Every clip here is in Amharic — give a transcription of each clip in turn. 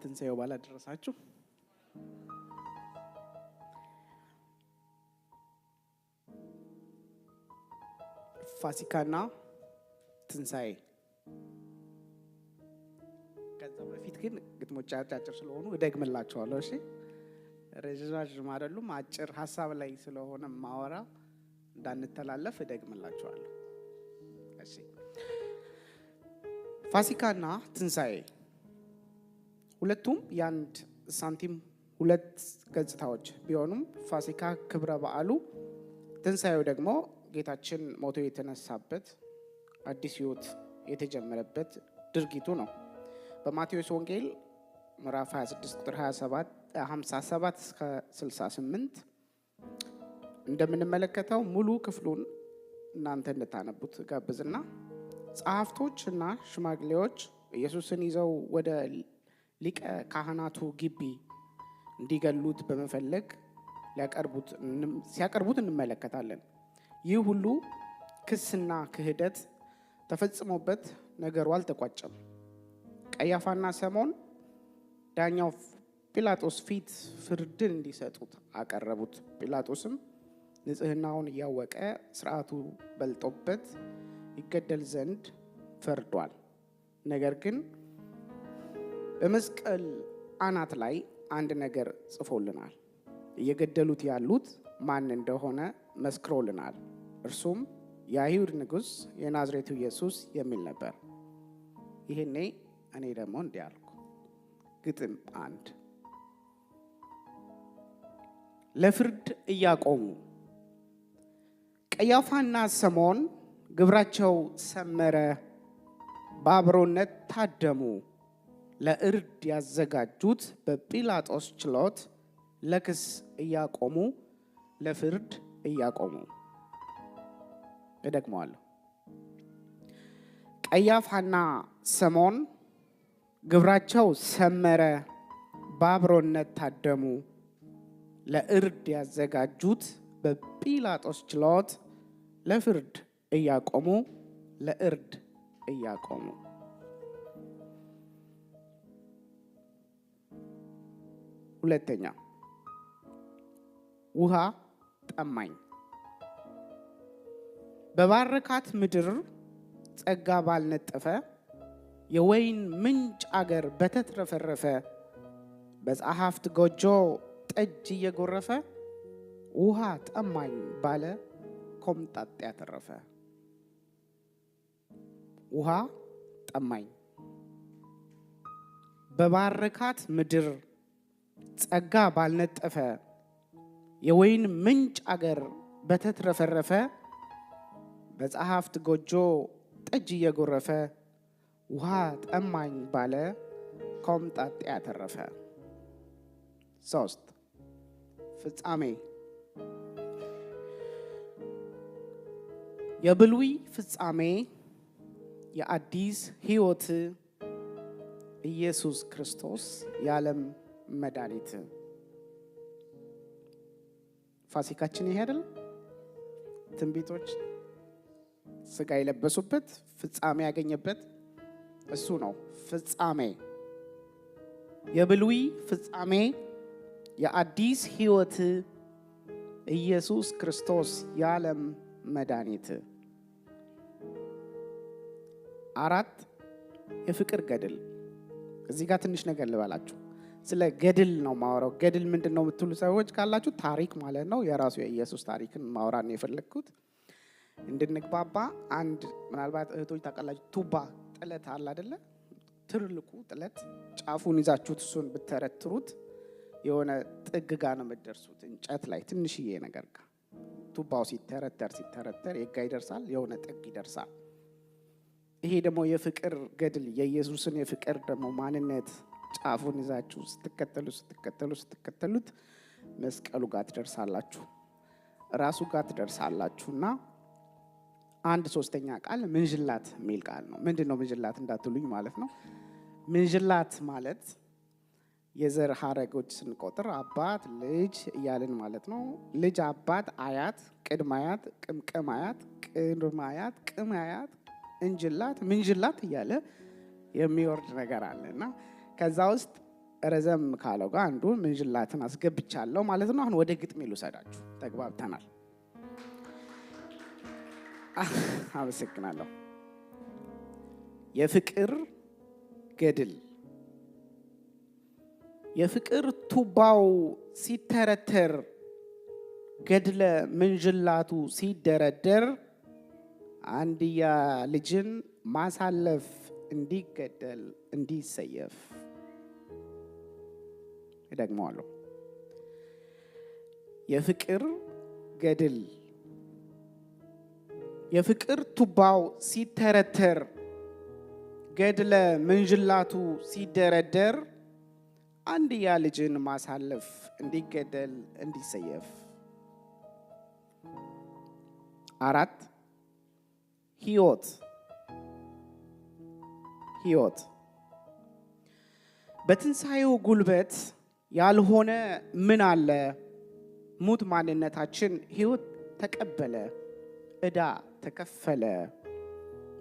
ለትንሣኤው በዓል አደረሳችሁ። ፋሲካና ትንሣኤ ከዛ በፊት ግን ግጥሞች አጫጭር ስለሆኑ እደግምላቸዋለሁ። እሺ ረዣዥም አይደሉም፣ አጭር ሀሳብ ላይ ስለሆነ ማወራ እንዳንተላለፍ እደግምላቸዋለሁ። እሺ ፋሲካና ትንሣኤ ሁለቱም የአንድ ሳንቲም ሁለት ገጽታዎች ቢሆኑም ፋሲካ ክብረ በዓሉ ትንሣኤው ደግሞ ጌታችን ሞቶ የተነሳበት አዲስ ህይወት የተጀመረበት ድርጊቱ ነው። በማቴዎስ ወንጌል ምዕራፍ 26 ቁጥር 57 እስከ 68 እንደምንመለከተው ሙሉ ክፍሉን እናንተ እንድታነቡት ጋብዝና ጸሐፍቶች እና ሽማግሌዎች ኢየሱስን ይዘው ወደ ሊቀ ካህናቱ ግቢ እንዲገሉት በመፈለግ ሲያቀርቡት እንመለከታለን። ይህ ሁሉ ክስና ክህደት ተፈጽሞበት ነገሩ አልተቋጨም። ቀያፋና ሰሞን ዳኛው ጲላጦስ ፊት ፍርድን እንዲሰጡት አቀረቡት። ጲላጦስም ንጽህናውን እያወቀ ስርዓቱ በልጦበት ይገደል ዘንድ ፈርዷል። ነገር ግን በመስቀል አናት ላይ አንድ ነገር ጽፎልናል። እየገደሉት ያሉት ማን እንደሆነ መስክሮልናል። እርሱም የአይሁድ ንጉሥ የናዝሬቱ ኢየሱስ የሚል ነበር። ይሄኔ እኔ ደግሞ እንዲህ አልኩ። ግጥም አንድ ለፍርድ እያቆሙ ቀያፋና ሰሞን ግብራቸው ሰመረ፣ በአብሮነት ታደሙ ለእርድ ያዘጋጁት በጲላጦስ ችሎት ለክስ እያቆሙ ለፍርድ እያቆሙ እደግመዋለሁ። ቀያፋና ሰሞን ግብራቸው ሰመረ፣ በአብሮነት ታደሙ። ለእርድ ያዘጋጁት በጲላጦስ ችሎት ለፍርድ እያቆሙ ለእርድ እያቆሙ ሁለተኛ ውሃ ጠማኝ። በባረካት ምድር ጸጋ ባልነጠፈ የወይን ምንጭ አገር በተትረፈረፈ በጸሐፍት ጎጆ ጠጅ እየጎረፈ ውሃ ጠማኝ ባለ ኮምጣጤ ያተረፈ ውሃ ጠማኝ በባረካት ምድር ጸጋ ባልነጠፈ የወይን ምንጭ አገር በተትረፈረፈ በጸሐፍት ጎጆ ጠጅ እየጎረፈ ውሃ ጠማኝ ባለ ኮምጣጤ ያተረፈ። ሶስት ፍጻሜ የብሉይ ፍጻሜ የአዲስ ሕይወት ኢየሱስ ክርስቶስ የዓለም መድኃኒት ፋሲካችን ይሄ አይደል? ትንቢቶች ስጋ የለበሱበት ፍጻሜ ያገኘበት እሱ ነው። ፍጻሜ የብሉይ ፍጻሜ የአዲስ ህይወት ኢየሱስ ክርስቶስ የዓለም መድኃኒት። አራት የፍቅር ገድል። እዚህ ጋር ትንሽ ነገር ልበላችሁ። ስለ ገድል ነው ማወራው። ገድል ምንድን ነው የምትሉ ሰዎች ካላችሁ ታሪክ ማለት ነው። የራሱ የኢየሱስ ታሪክን ማውራ ነው የፈለግኩት እንድንግባባ። አንድ ምናልባት እህቶች ታቃላችሁ ቱባ ጥለት አለ አደለ? ትልቁ ጥለት ጫፉን ይዛችሁት እሱን ብተረትሩት የሆነ ጥግ ጋር ነው የምደርሱት እንጨት ላይ ትንሽዬ ነገር ጋ ቱባው ሲተረተር ሲተረተር የጋ ይደርሳል፣ የሆነ ጥግ ይደርሳል። ይሄ ደግሞ የፍቅር ገድል የኢየሱስን የፍቅር ደግሞ ማንነት ጫፉን ይዛችሁ ስትከተሉ ስትከተሉ ስትከተሉት መስቀሉ ጋር ትደርሳላችሁ፣ ራሱ ጋር ትደርሳላችሁ እና አንድ ሶስተኛ ቃል ምንዥላት የሚል ቃል ነው። ምንድ ነው ምንዥላት እንዳትሉኝ ማለት ነው። ምንዥላት ማለት የዘር ሀረጎች ስንቆጥር አባት ልጅ እያልን ማለት ነው። ልጅ አባት፣ አያት፣ ቅድም አያት፣ ቅምቅም አያት፣ ቅድም አያት፣ ቅም አያት፣ እንጅላት፣ ምንጅላት እያለ የሚወርድ ነገር አለ እና ከዛ ውስጥ ረዘም ካለው ጋር አንዱ ምንጅላትን አስገብቻለሁ ማለት ነው። አሁን ወደ ግጥም ይሉሰዳችሁ ተግባብተናል። አመሰግናለሁ። የፍቅር ገድል የፍቅር ቱባው ሲተረተር ገድለ ምንጅላቱ ሲደረደር አንድያ ልጅን ማሳለፍ እንዲገደል እንዲሰየፍ እደግመዋለሁ። የፍቅር ገድል የፍቅር ቱባው ሲተረተር ገድለ መንዥላቱ ሲደረደር አንድያ ልጅን ማሳለፍ እንዲገደል እንዲሰየፍ። አራት ህይወት ህይወት በትንሣኤው ጉልበት ያልሆነ ምን አለ? ሙት ማንነታችን ህይወት ተቀበለ፣ እዳ ተከፈለ፣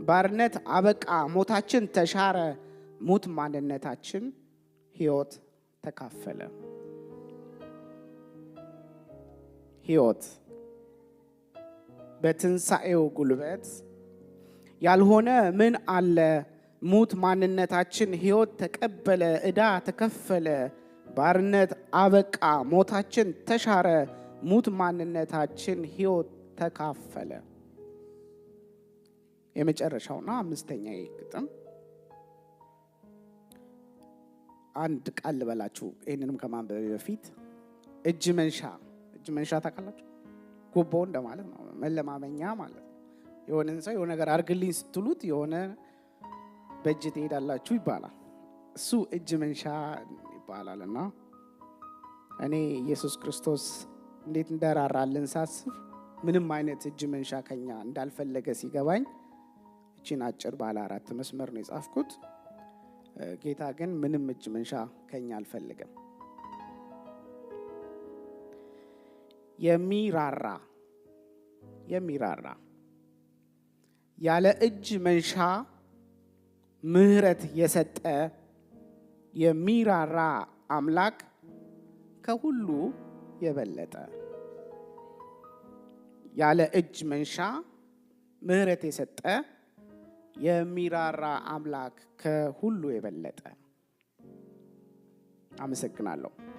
ባርነት አበቃ፣ ሞታችን ተሻረ፣ ሙት ማንነታችን ህይወት ተካፈለ። ህይወት በትንሣኤው ጉልበት ያልሆነ ምን አለ? ሙት ማንነታችን ህይወት ተቀበለ፣ እዳ ተከፈለ ባርነት አበቃ፣ ሞታችን ተሻረ፣ ሙት ማንነታችን ሕይወት ተካፈለ። የመጨረሻውና አምስተኛ ግጥም አንድ ቃል ልበላችሁ። ይህንንም ከማንበብ በፊት እጅ መንሻ እጅ መንሻ ታውቃላችሁ? ጉቦ እንደማለት ነው፣ መለማመኛ ማለት ነው። የሆነን ሰው የሆነ ነገር አድርግልኝ ስትሉት የሆነ በእጅ ትሄዳላችሁ ይባላል። እሱ እጅ መንሻ ይባላል እና እኔ ኢየሱስ ክርስቶስ እንዴት እንደራራልን ሳስብ ምንም አይነት እጅ መንሻ ከኛ እንዳልፈለገ ሲገባኝ እቺን አጭር ባለ አራት መስመር ነው የጻፍኩት። ጌታ ግን ምንም እጅ መንሻ ከኛ አልፈልግም። የሚራራ የሚራራ ያለ እጅ መንሻ ምህረት የሰጠ የሚራራ አምላክ ከሁሉ የበለጠ ያለ እጅ መንሻ ምህረት የሰጠ የሚራራ አምላክ ከሁሉ የበለጠ። አመሰግናለሁ።